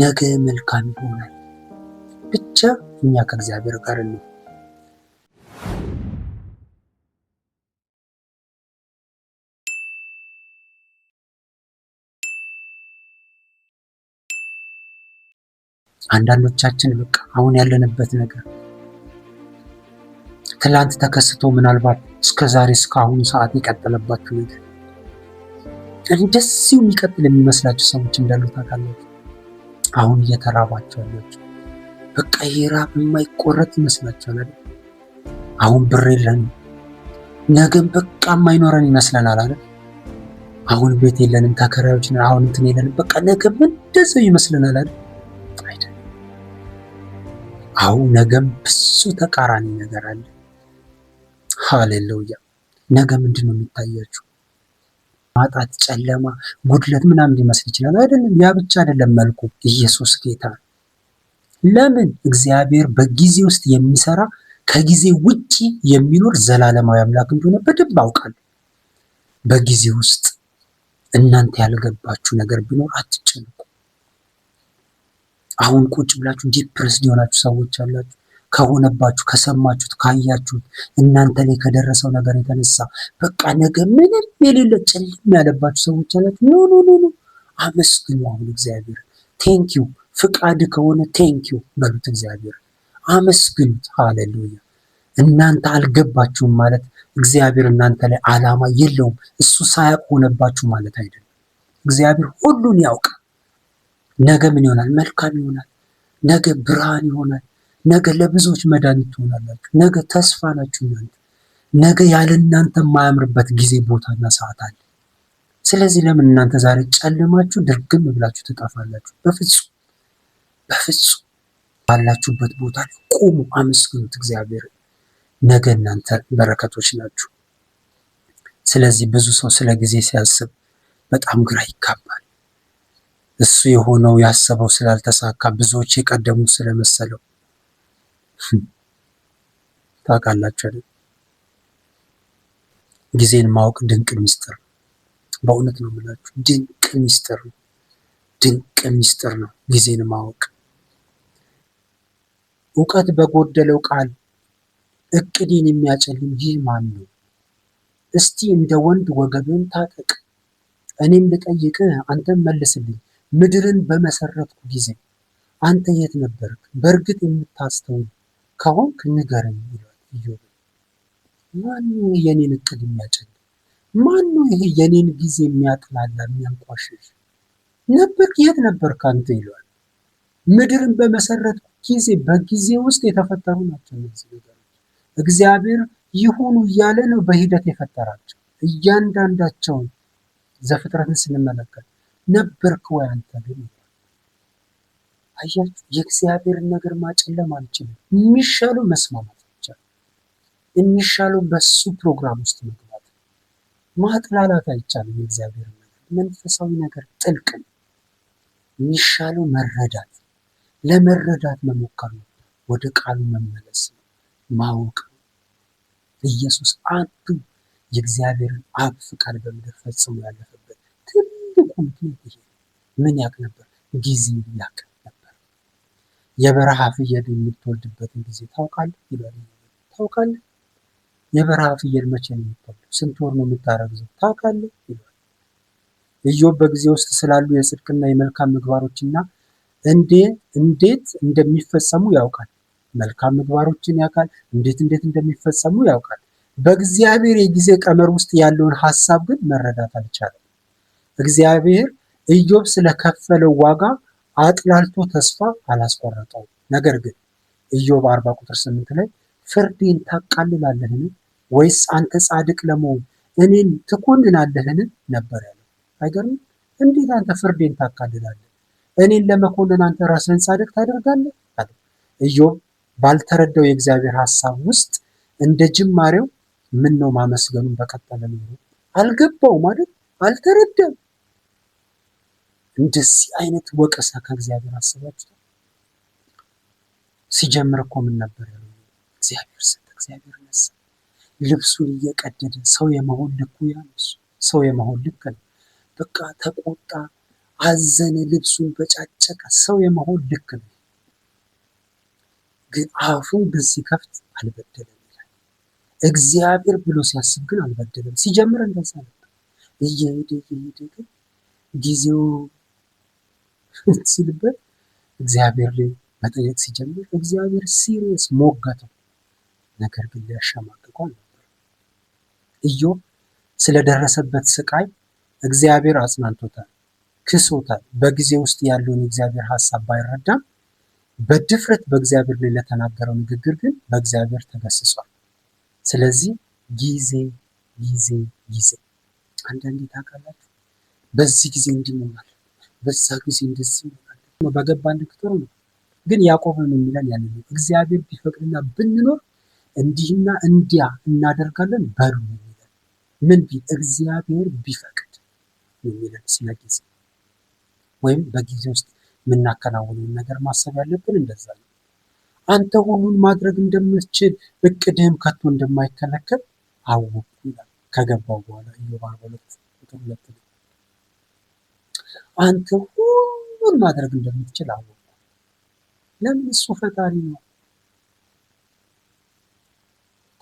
ነገ መልካም ይሆናል። ብቻ እኛ ከእግዚአብሔር ጋር ነው። አንዳንዶቻችን በቃ አሁን ያለንበት ነገር ትላንት ተከስቶ ምናልባት እስከ ዛሬ እስከ አሁኑ ሰዓት የቀጠለባችሁ ነገር እንደዚሁ የሚቀጥል የሚመስላችሁ ሰዎች እንዳሉ ታውቃላችሁ። አሁን እየተራባቸው ናቸው። በቃ ይሄ ራብ የማይቆረጥ ይመስላቸዋል አሁን ብር የለንም፣ ነገም በቃ የማይኖረን ይመስለናል አለ። አሁን ቤት የለንም፣ ተከራዮች ነን፣ አሁን እንትን የለንም፣ በቃ ነገም እንደዚያው ይመስለናል አይደል? አሁን ነገም ብዙ ተቃራኒ ነገር አለ። ሃሌሉያ! ነገ ምንድን ነው የሚታያችሁ? ማጣት፣ ጨለማ፣ ጉድለት ምናምን ሊመስል ይችላል። አይደለም፣ ያ ብቻ አይደለም መልኩ። ኢየሱስ ጌታ ነው። ለምን? እግዚአብሔር በጊዜ ውስጥ የሚሰራ ከጊዜ ውጪ የሚኖር ዘላለማዊ አምላክ እንደሆነ በደንብ አውቃለሁ። በጊዜ ውስጥ እናንተ ያልገባችሁ ነገር ቢኖር አትጨነቁ። አሁን ቁጭ ብላችሁ ዲፕረስ ሊሆናችሁ ሰዎች አላችሁ። ከሆነባችሁ ከሰማችሁት ካያችሁት እናንተ ላይ ከደረሰው ነገር የተነሳ በቃ ነገ ምንም የሌለ ጭልም ያለባችሁ ሰዎች አላችሁ። ኖ ኖ ኖ ኖ፣ አመስግኑ አሁን እግዚአብሔር ቴንኪዩ። ፍቃድ ከሆነ ቴንኪዩ በሉት፣ እግዚአብሔር አመስግኑት። ሃሌሉያ። እናንተ አልገባችሁም ማለት እግዚአብሔር እናንተ ላይ ዓላማ የለውም እሱ ሳያውቅ ሆነባችሁ ማለት አይደለም። እግዚአብሔር ሁሉን ያውቃል። ነገ ምን ይሆናል? መልካም ይሆናል። ነገ ብርሃን ይሆናል። ነገ ለብዙዎች መድኃኒት ትሆናላችሁ። ነገ ተስፋ ናችሁ እናንተ። ነገ ያለ እናንተ የማያምርበት ጊዜ ቦታና ሰዓት አለ። ስለዚህ ለምን እናንተ ዛሬ ጨልማችሁ ድርግም ብላችሁ ትጠፋላችሁ? በፍጹም በፍጹም። ባላችሁበት ቦታ ቁሙ፣ አመስግኑት እግዚአብሔር። ነገ እናንተ በረከቶች ናችሁ። ስለዚህ ብዙ ሰው ስለ ጊዜ ሲያስብ በጣም ግራ ይጋባል። እሱ የሆነው ያሰበው ስላልተሳካ ብዙዎች የቀደሙ ስለመሰለው ታውቃላችሁ ጊዜን ማወቅ ድንቅ ሚስጥር ነው። በእውነት ነው የምላችሁ፣ ድንቅ ሚስጥር ነው። ድንቅ ሚስጥር ነው ጊዜን ማወቅ። እውቀት በጎደለው ቃል እቅዴን የሚያጨልም ይህ ማን ነው? እስቲ እንደ ወንድ ወገብን ታጠቅ፣ እኔም ልጠይቅህ፣ አንተም መልስልኝ። ምድርን በመሰረትኩ ጊዜ አንተ የት ነበርክ? በእርግጥ የምታስተውል ከሆንክ ንገረኝ ይላል ኢዮብ። ማን ነው የኔን እቅድ የሚያጨልም? ማን ነው ይሄ የኔን ጊዜ የሚያጥላላ የሚያንቋሽሽ? ነበር የት ነበርክ አንተ ይለዋል። ምድርን በመሰረት ጊዜ በጊዜ ውስጥ የተፈጠሩ ናቸው እነዚህ ነገሮች። እግዚአብሔር ይሁኑ እያለ ነው በሂደት የፈጠራቸው እያንዳንዳቸውን። ዘፍጥረትን ስንመለከት ነበርክ ወይ አንተ ግን አያችሁ፣ የእግዚአብሔርን ነገር ማጨለም አንችልም። የሚሻሉ መስማማት ብቻ፣ የሚሻሉ በሱ ፕሮግራም ውስጥ መግባት። ማጥላላት አይቻልም። የእግዚአብሔር ነገር መንፈሳዊ ነገር ጥልቅ ነው። የሚሻሉ መረዳት፣ ለመረዳት መሞከር ነው። ወደ ቃሉ መመለስ ነው፣ ማወቅ ነው። ኢየሱስ አንዱ የእግዚአብሔርን አብ ፍቃድ በምድር ፈጽሞ ያለፈበት ትልቁ ምክንያት ይሄ ምን ያቅ ነበር? ጊዜ ያቅ የበረሃ ፍየል የምትወልድበትን ጊዜ ታውቃለህ? ይላል። ታውቃለህ? የበረሃ ፍየል መቼ ነው የምትወልደው? ስንት ወር ነው የምታረግዘው? ታውቃለህ? ይላል። ኢዮብ በጊዜ ውስጥ ስላሉ የጽድቅና የመልካም ምግባሮችና እንዴ እንዴት እንደሚፈጸሙ ያውቃል። መልካም ምግባሮችን ያውቃል። እንዴት እንዴት እንደሚፈጸሙ ያውቃል። በእግዚአብሔር የጊዜ ቀመር ውስጥ ያለውን ሐሳብ ግን መረዳት አልቻለም። እግዚአብሔር ኢዮብ ስለከፈለው ዋጋ አጥላልቶ ተስፋ አላስቆረጠው። ነገር ግን ኢዮብ አርባ ቁጥር ስምንት ላይ ፍርዴን ታቃልላለህን? ወይስ አንተ ጻድቅ ለመሆን እኔን ትኮንናለህን? ነበር ያለው። አይገርምም? እንዴት አንተ ፍርዴን ታቃልላለህ? እኔን ለመኮንን አንተ ራስህን ጻድቅ ታደርጋለህ? አለ ኢዮብ። ባልተረዳው የእግዚአብሔር ሐሳብ ውስጥ እንደ ጅማሬው ምን ነው ማመስገኑን በቀጠለ ኖሮ አልገባው ማለት አልተረዳም። እንደዚህ አይነት ወቀሳ ከእግዚአብሔር አስባችሁ ሲጀምር እኮ ምን ነበር ያለው? እግዚአብሔር ሰጠ፣ እግዚአብሔር ነሳ። ልብሱን እየቀደደ ሰው የመሆን ልኩ ያነሱ ሰው የመሆን ልክ ነው። በቃ ተቆጣ፣ አዘነ፣ ልብሱን በጫጨቀ ሰው የመሆን ልክ ነው። ግን አፉን ግን ሲከፍት አልበደለም ይላል። እግዚአብሔር ብሎ ሲያስብ ግን አልበደለም። ሲጀምር እንደዛ ነበር። እየሄደ እየሄደ ግን ጊዜው ሲልበት እግዚአብሔር ላይ መጠየቅ ሲጀምር እግዚአብሔር ሲሪየስ ሞገተው። ነገር ግን ሊያሸማቅቀው ነበር። ኢዮብ ስለደረሰበት ስቃይ እግዚአብሔር አጽናንቶታል፣ ክሶታል። በጊዜ ውስጥ ያለውን የእግዚአብሔር ሀሳብ ባይረዳም በድፍረት በእግዚአብሔር ላይ ለተናገረው ንግግር ግን በእግዚአብሔር ተገስጿል። ስለዚህ ጊዜ ጊዜ ጊዜ አንዳንዴ ታውቃላችሁ፣ በዚህ ጊዜ እንዲህ በዛ ጊዜ እንደዚህ ነው። በገባን ልክ ነው፣ ግን ያዕቆብ የሚለን ያንን ነው። እግዚአብሔር ቢፈቅድና ብንኖር እንዲህና እንዲያ እናደርጋለን በሉ የሚለን ምን ቢል እግዚአብሔር ቢፈቅድ የሚለን ስለ ጊዜ ወይም በጊዜ ውስጥ የምናከናውነውን ነገር ማሰብ ያለብን እንደዛ ነው። አንተ ሁሉን ማድረግ እንደምትችል እቅድህም ከቶ እንደማይከለከል አወቅኩ ይላል ከገባው በኋላ ኢዮብ አርባ ሁለት ቁጥር ሁለት አንተ ሁሉን ማድረግ እንደምትችል አወቅሁ። ለምን እሱ ፈጣሪ ነው።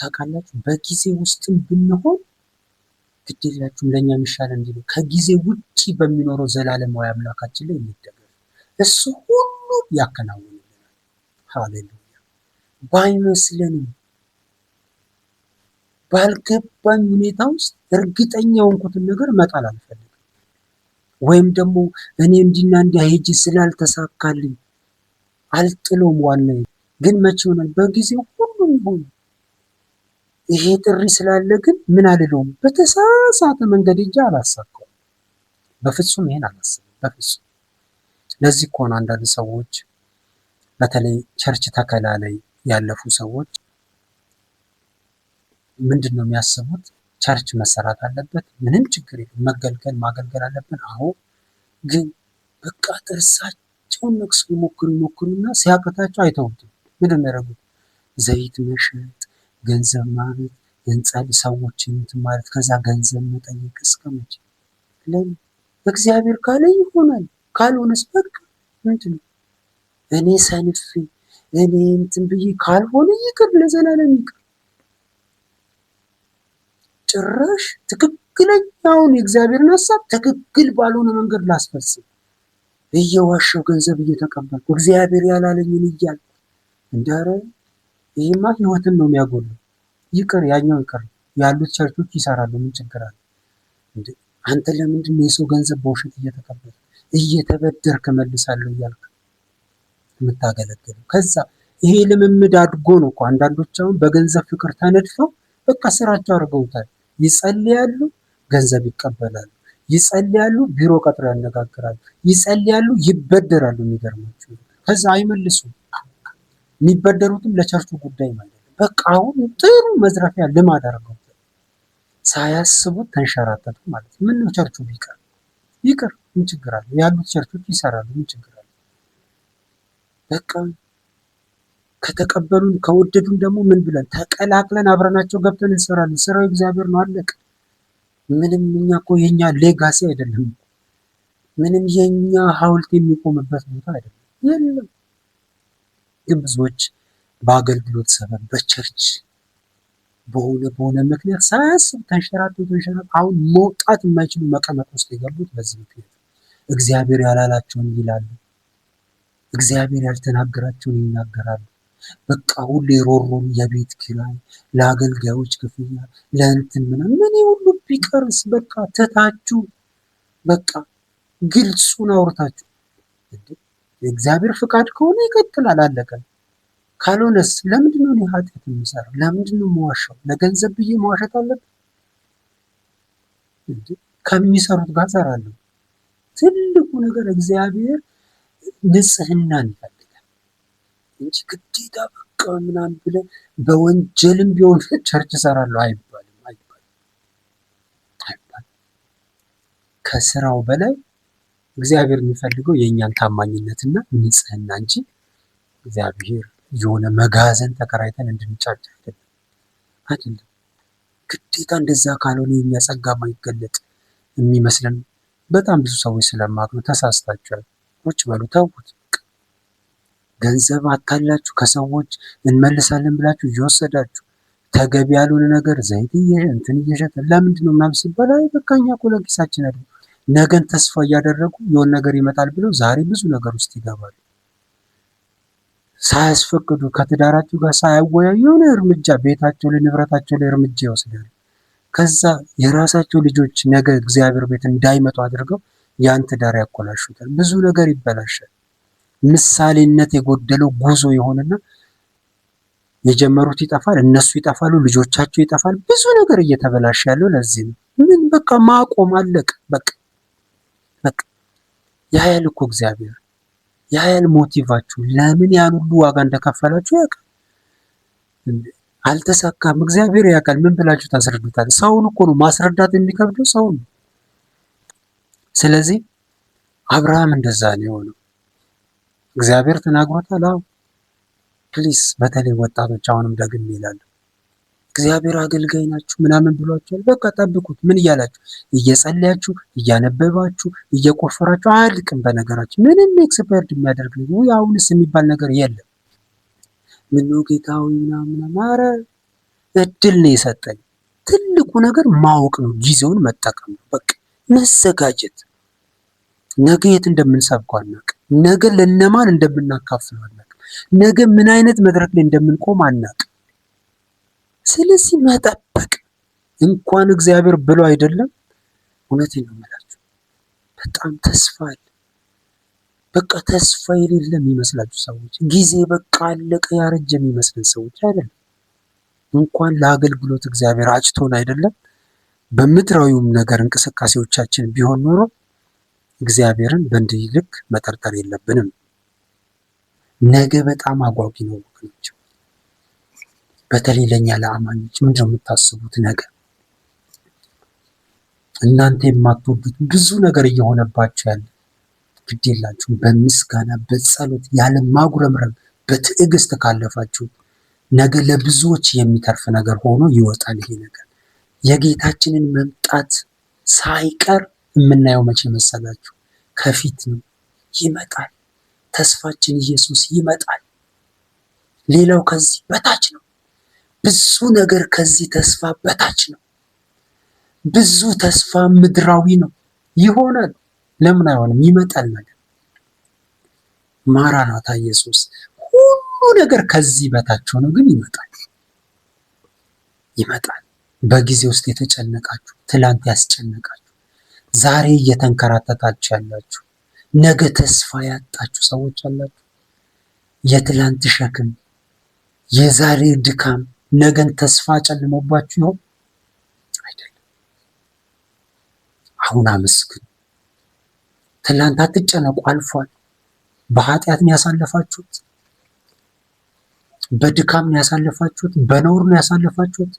ታውቃላችሁ፣ በጊዜ ውስጥም ብንሆን ግዴላችሁም ለእኛ የሚሻለ እንዲሉ ከጊዜ ውጪ በሚኖረው ዘላለማዊ አምላካችን ላይ የሚደገፍ እሱ ሁሉ ያከናውንልናል። ሃሌሉያ! ባይመስለንም ባልገባኝ ሁኔታ ውስጥ እርግጠኛ የሆንኩትን ነገር መጣል አልፈልግም። ወይም ደግሞ እኔ እንዲና እንዲያ ሄጅ ስላልተሳካልኝ አልጥለውም። ዋና ግን መቼ ይሆናል በጊዜው ሁሉም ይሆን። ይሄ ጥሪ ስላለ ግን ምን አልለውም። በተሳሳተ መንገድ እጅ አላሳካውም። በፍጹም ይሄን አላስብም። በፍጹም ለዚህ ከሆነ አንዳንድ ሰዎች በተለይ ቸርች ተከላ ላይ ያለፉ ሰዎች ምንድን ነው የሚያስቡት? ቸርች መሰራት አለበት። ምንም ችግር የለም። መገልገል ማገልገል አለብን። አዎ ግን በቃ ጥርሳቸውን ነክሰው ይሞክሩ ይሞክሩና ሲያቅታቸው አይተውትም። ምንድን ነው ያደረጉት? ዘይት መሸጥ፣ ገንዘብ ማግኘት፣ ገንጸል ሰዎች እንትን ማለት ከዛ ገንዘብ መጠየቅ እስከ መቼ? ለምን እግዚአብሔር ካለ ይሆናል፣ ካልሆነስ በቃ ምንድን ነው እኔ ሰንፌ እኔ እንትን ብዬ ካልሆነ ይቅር፣ ለዘላለም ይቅር። በጭራሽ ትክክለኛውን የእግዚአብሔርን ሀሳብ ትክክል ባልሆነ መንገድ ላስፈጽም እየዋሸው ገንዘብ እየተቀበልኩ እግዚአብሔር ያላለኝን እያል እንዳረ ይህማ ህይወትን ነው የሚያጎሉ። ይቅር ያኛው ይቅር ያሉት ቸርቾች ይሰራሉ። ምን ችግር አለ? አንተ ለምንድን ነው የሰው ገንዘብ በውሸት እየተቀበል እየተበደርክ መልሳለሁ እያልክ የምታገለግለው? ከዛ ይሄ ልምምድ አድጎ ነው እኮ አንዳንዶች አሁን በገንዘብ ፍቅር ተነድፈው በቃ ስራቸው አድርገውታል። ይጸልያሉ፣ ገንዘብ ይቀበላሉ፣ ይጸልያሉ፣ ቢሮ ቀጥሮ ያነጋግራሉ፣ ይጸልያሉ፣ ይበደራሉ። የሚገርማችሁ ከዛ አይመልሱም። የሚበደሩትም ለቸርቹ ጉዳይ ማለት ነው። በቃ አሁን ጥሩ መዝረፊያ ልማድ አድርገው ሳያስቡት ተንሸራተቱ ማለት ነው። ቸርቹ ቢቀር ይቅር፣ ምን ችግር ያሉት ቸርቾች ይሰራሉ፣ ምን ችግር በቃ ከተቀበሉን ከወደዱን ደግሞ ምን ብለን ተቀላቅለን አብረናቸው ገብተን እንሰራለን። ስራው እግዚአብሔር ነው። አለቀ። ምንም እኛ እኮ የኛ ሌጋሲ አይደለም። ምንም የኛ ሀውልት የሚቆምበት ቦታ አይደለም፣ የለም። ግን ብዙዎች በአገልግሎት ሰበብ በቸርች በሆነ በሆነ ምክንያት ሳያስብ ተንሸራቶ ተንሸራቶ አሁን መውጣት የማይችሉ መቀመጥ ውስጥ የገቡት በዚህ ምክንያት እግዚአብሔር ያላላቸውን ይላሉ፣ እግዚአብሔር ያልተናገራቸውን ይናገራሉ። በቃ ሁሌ ሮሮ የቤት ኪራይ፣ ለአገልጋዮች ክፍያ፣ ለእንትን ምናምን ምን ሁሉ ቢቀርስ በቃ ተታችሁ፣ በቃ ግልጹን አውርታችሁ የእግዚአብሔር ፍቃድ ከሆነ ይቀጥላል፣ አለቀ። ካልሆነስ ለምንድነው እኔ ኃጢአት ለምንድን ለምንድነው መዋሻው? ለገንዘብ ብዬ መዋሸት አለብን? ከሚሰሩት ጋር ሰራለሁ። ትልቁ ነገር እግዚአብሔር ንጽህና ይፈል እንጂ ግዴታ በቃ ምናምን ብለን በወንጀልም ቢሆን ቸርች እሰራለሁ አይባልም አይባልም ከስራው በላይ እግዚአብሔር የሚፈልገው የእኛን ታማኝነትና ንጽህና እንጂ እግዚአብሔር የሆነ መጋዘን ተከራይተን እንድንጫጭ አይደለም አይደለም። ግዴታ እንደዛ ካልሆነ የኛ ጸጋ ማይገለጥ የሚመስለን በጣም ብዙ ሰዎች ስለማቅ ነው። ተሳስታችኋል፣ ቁጭ በሉ ተውት። ገንዘብ አታላችሁ ከሰዎች እንመልሳለን ብላችሁ እየወሰዳችሁ ተገቢ ያልሆነ ነገር ዘይት እንትን እየሸጠ ለምንድን ነው ምናምን ሲባል አይ በቃ እኛ እኮ ለኪሳችን ነገን ተስፋ እያደረጉ የሆነ ነገር ይመጣል ብለው ዛሬ ብዙ ነገር ውስጥ ይገባሉ። ሳያስፈቅዱ ከትዳራቸው ጋር ሳያወያዩ የሆነ እርምጃ ቤታቸው ላይ ንብረታቸው ላይ እርምጃ ይወስዳሉ። ከዛ የራሳቸው ልጆች ነገ እግዚአብሔር ቤት እንዳይመጡ አድርገው ያን ትዳር ያኮላሹታል። ብዙ ነገር ይበላሻል። ምሳሌነት የጎደለው ጉዞ የሆነና የጀመሩት ይጠፋል፣ እነሱ ይጠፋሉ፣ ልጆቻቸው ይጠፋል። ብዙ ነገር እየተበላሸ ያለው ለዚህ ነው። ምን በቃ ማቆም አለቅ በቃ በቃ ያያል እኮ እግዚአብሔር ያያል ሞቲቫችሁ ለምን ያን ሁሉ ዋጋ እንደከፈላችሁ ያውቃል። አልተሳካም፣ እግዚአብሔር ያውቃል። ምን ብላችሁ ታስረዱታል? ሰውን እኮ ነው ማስረዳት የሚከብደው ሰውን። ስለዚህ አብርሃም እንደዛ ነው የሆነው። እግዚአብሔር ተናግሮታል። አዎ ፕሊስ፣ በተለይ ወጣቶች አሁንም ደግም እላለሁ እግዚአብሔር አገልጋይ ናችሁ ምናምን ብሏችኋል። በቃ ጠብቁት። ምን እያላችሁ እየጸለያችሁ፣ እያነበባችሁ፣ እየቆፈራችሁ አያልቅም። በነገራችሁ ምንም ኤክስፐርድ የሚያደርግ ነው አሁንስ የሚባል ነገር የለም። ምነው ጌታዊ ምናምን፣ ማረ እድል ነው የሰጠኝ። ትልቁ ነገር ማወቅ ነው፣ ጊዜውን መጠቀም ነው። በቃ መዘጋጀት። ነገ የት እንደምንሰብከው አናውቅም። ነገ ለነማን እንደምናካፍል አናውቅም። ነገ ምን አይነት መድረክ ላይ እንደምንቆም አናቅ ስለዚህ መጠበቅ እንኳን እግዚአብሔር ብሎ አይደለም፣ እውነት ነው የምላችሁ በጣም ተስፋ አለ። በቃ ተስፋ የሌለም የሚመስላችሁ ሰዎች፣ ጊዜ በቃ አለቀ ያረጀ የሚመስለን ሰዎች አይደለም። እንኳን ለአገልግሎት እግዚአብሔር አጭቶን አይደለም፣ በምድራዊውም ነገር እንቅስቃሴዎቻችን ቢሆን ኖሮ እግዚአብሔርን በእንዲህ ልክ መጠርጠር የለብንም። ነገ በጣም አጓጊ ነው ወገኖች። በተለይ ለእኛ ለአማኞች ምንድነው የምታስቡት? ነገ እናንተ የማትወዱት ብዙ ነገር እየሆነባችሁ ያለ ግድ የላችሁም። በምስጋና በጸሎት ያለ ማጉረምረም በትዕግስት ካለፋችሁ ነገ ለብዙዎች የሚተርፍ ነገር ሆኖ ይወጣል። ይሄ ነገር የጌታችንን መምጣት ሳይቀር የምናየው መቼ መሰላችሁ? ከፊት ነው። ይመጣል። ተስፋችን ኢየሱስ ይመጣል። ሌላው ከዚህ በታች ነው። ብዙ ነገር ከዚህ ተስፋ በታች ነው። ብዙ ተስፋ ምድራዊ ነው። ይሆናል። ለምን አይሆንም? ይመጣል ነገር ማራናታ ኢየሱስ። ሁሉ ነገር ከዚህ በታች ሆኖ ግን ይመጣል ይመጣል። በጊዜ ውስጥ የተጨነቃችሁ ትላንት ያስጨነቃችሁ ዛሬ እየተንከራተታችሁ ያላችሁ፣ ነገ ተስፋ ያጣችሁ ሰዎች አላችሁ። የትላንት ሸክም፣ የዛሬ ድካም ነገን ተስፋ ጨልሞባችሁ ይሆን? አይደለም። አሁን አመስግኑ። ትላንት አትጨነቁ፣ አልፏል። በኃጢአት ነው ያሳለፋችሁት፣ በድካም ነው ያሳለፋችሁት፣ በነውር ነው ያሳለፋችሁት፣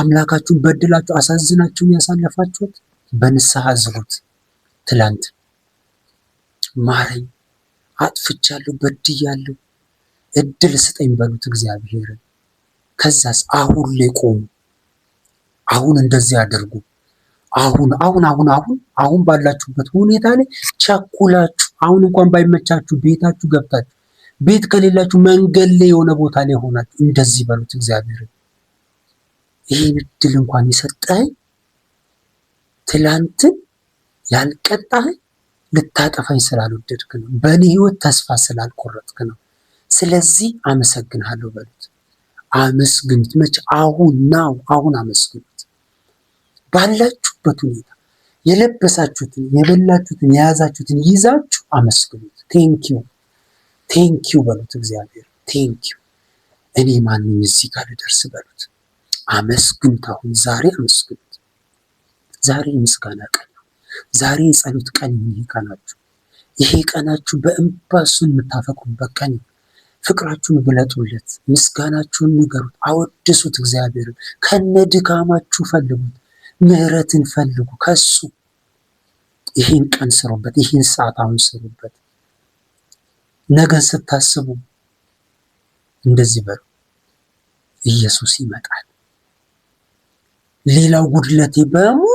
አምላካችሁን በድላችሁ አሳዝናችሁ ያሳለፋችሁት። በንስሐ ዝሉት ትላንት ማረኝ፣ አጥፍቻለሁ፣ በድያለሁ፣ እድል ስጠኝ በሉት እግዚአብሔር። ከዛስ አሁን ላይ ቆሙ። አሁን እንደዚህ አድርጉ። አሁን አሁን አሁን አሁን አሁን ባላችሁበት ሁኔታ ላይ ቸኩላችሁ አሁን እንኳን ባይመቻችሁ ቤታችሁ ገብታችሁ ቤት ከሌላችሁ መንገድ ላይ የሆነ ቦታ ላይ ሆናችሁ እንደዚህ በሉት እግዚአብሔር ይህን እድል እንኳን የሰጠኸኝ ትላንትን ያልቀጣኸኝ ልታጠፋኝ ስላልወደድክ ነው። በእኔ ህይወት ተስፋ ስላልቆረጥክ ነው። ስለዚህ አመሰግንሃለሁ በሉት። አመስግኑት። መች አሁን ናው አሁን አመስግኑት። ባላችሁበት ሁኔታ የለበሳችሁትን፣ የበላችሁትን፣ የያዛችሁትን ይዛችሁ አመስግኑት። ቴንኪዩ ቴንኪዩ በሉት። እግዚአብሔር ቴንኪዩ እኔ ማንም እዚህ ጋር ልደርስ በሉት። አመስግኑት። አሁን ዛሬ አመስግኑት። ዛሬ ምስጋና ቀን ነው። ዛሬ የጸሎት ቀን ይሄ ቀናችሁ ይሄ ቀናችሁ በእንባ እሱን የምታፈቅሩበት ቀን ነው። ፍቅራችሁን ግለጡለት፣ ምስጋናችሁን ንገሩት፣ አወድሱት። እግዚአብሔር ከነ ድካማችሁ ፈልጉት፣ ምህረትን ፈልጉ ከሱ ይህን ቀን ስሩበት፣ ይህን ሰዓት አሁን ስሩበት። ነገን ስታስቡ እንደዚህ በሉ፣ ኢየሱስ ይመጣል። ሌላው ጉድለቴ በሙሉ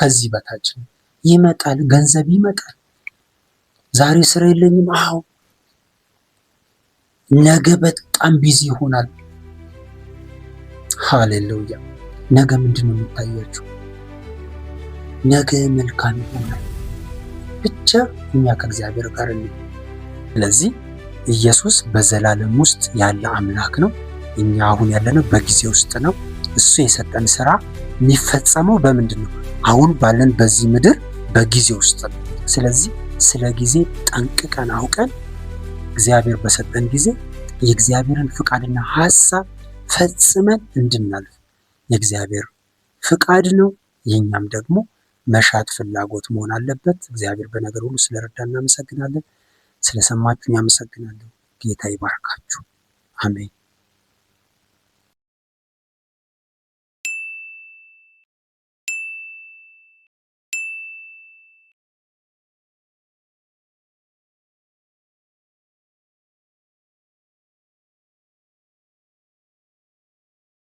ከዚህ በታች ነው። ይመጣል፣ ገንዘብ ይመጣል። ዛሬ ስራ የለኝም፣ አዎ። ነገ በጣም ቢዚ ይሆናል። ሃሌሉያ። ነገ ምንድን ነው የሚታያችሁ? ነገ መልካም ይሆናል። ብቻ እኛ ከእግዚአብሔር ጋር ነው። ስለዚህ ኢየሱስ በዘላለም ውስጥ ያለ አምላክ ነው። እኛ አሁን ያለነው በጊዜ ውስጥ ነው። እሱ የሰጠን ስራ የሚፈጸመው በምንድን ነው? አሁን ባለን በዚህ ምድር በጊዜ ውስጥ ነው። ስለዚህ ስለ ጊዜ ጠንቅቀን አውቀን እግዚአብሔር በሰጠን ጊዜ የእግዚአብሔርን ፍቃድና ሀሳብ ፈጽመን እንድናልፍ የእግዚአብሔር ፍቃድ ነው። የእኛም ደግሞ መሻት ፍላጎት መሆን አለበት። እግዚአብሔር በነገር ሁሉ ስለረዳን እናመሰግናለን። ስለሰማችሁ አመሰግናለሁ። ጌታ ይባርካችሁ። አሜን።